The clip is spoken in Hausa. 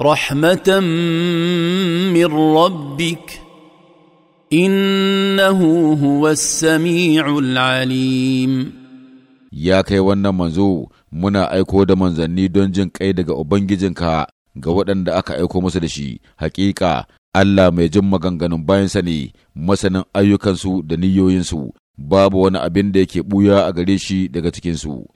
رحمه من ربك انه هو السميع العليم ya kai wannan manzo muna aiko da manzanni don jin kai daga ubangijinka ga waɗanda aka aiko musu da shi hakika Allah mai jin maganganun bayansa ne masanin ayyukansu da niyoyinsu babu wani abin da yake buya a gare shi daga cikinsu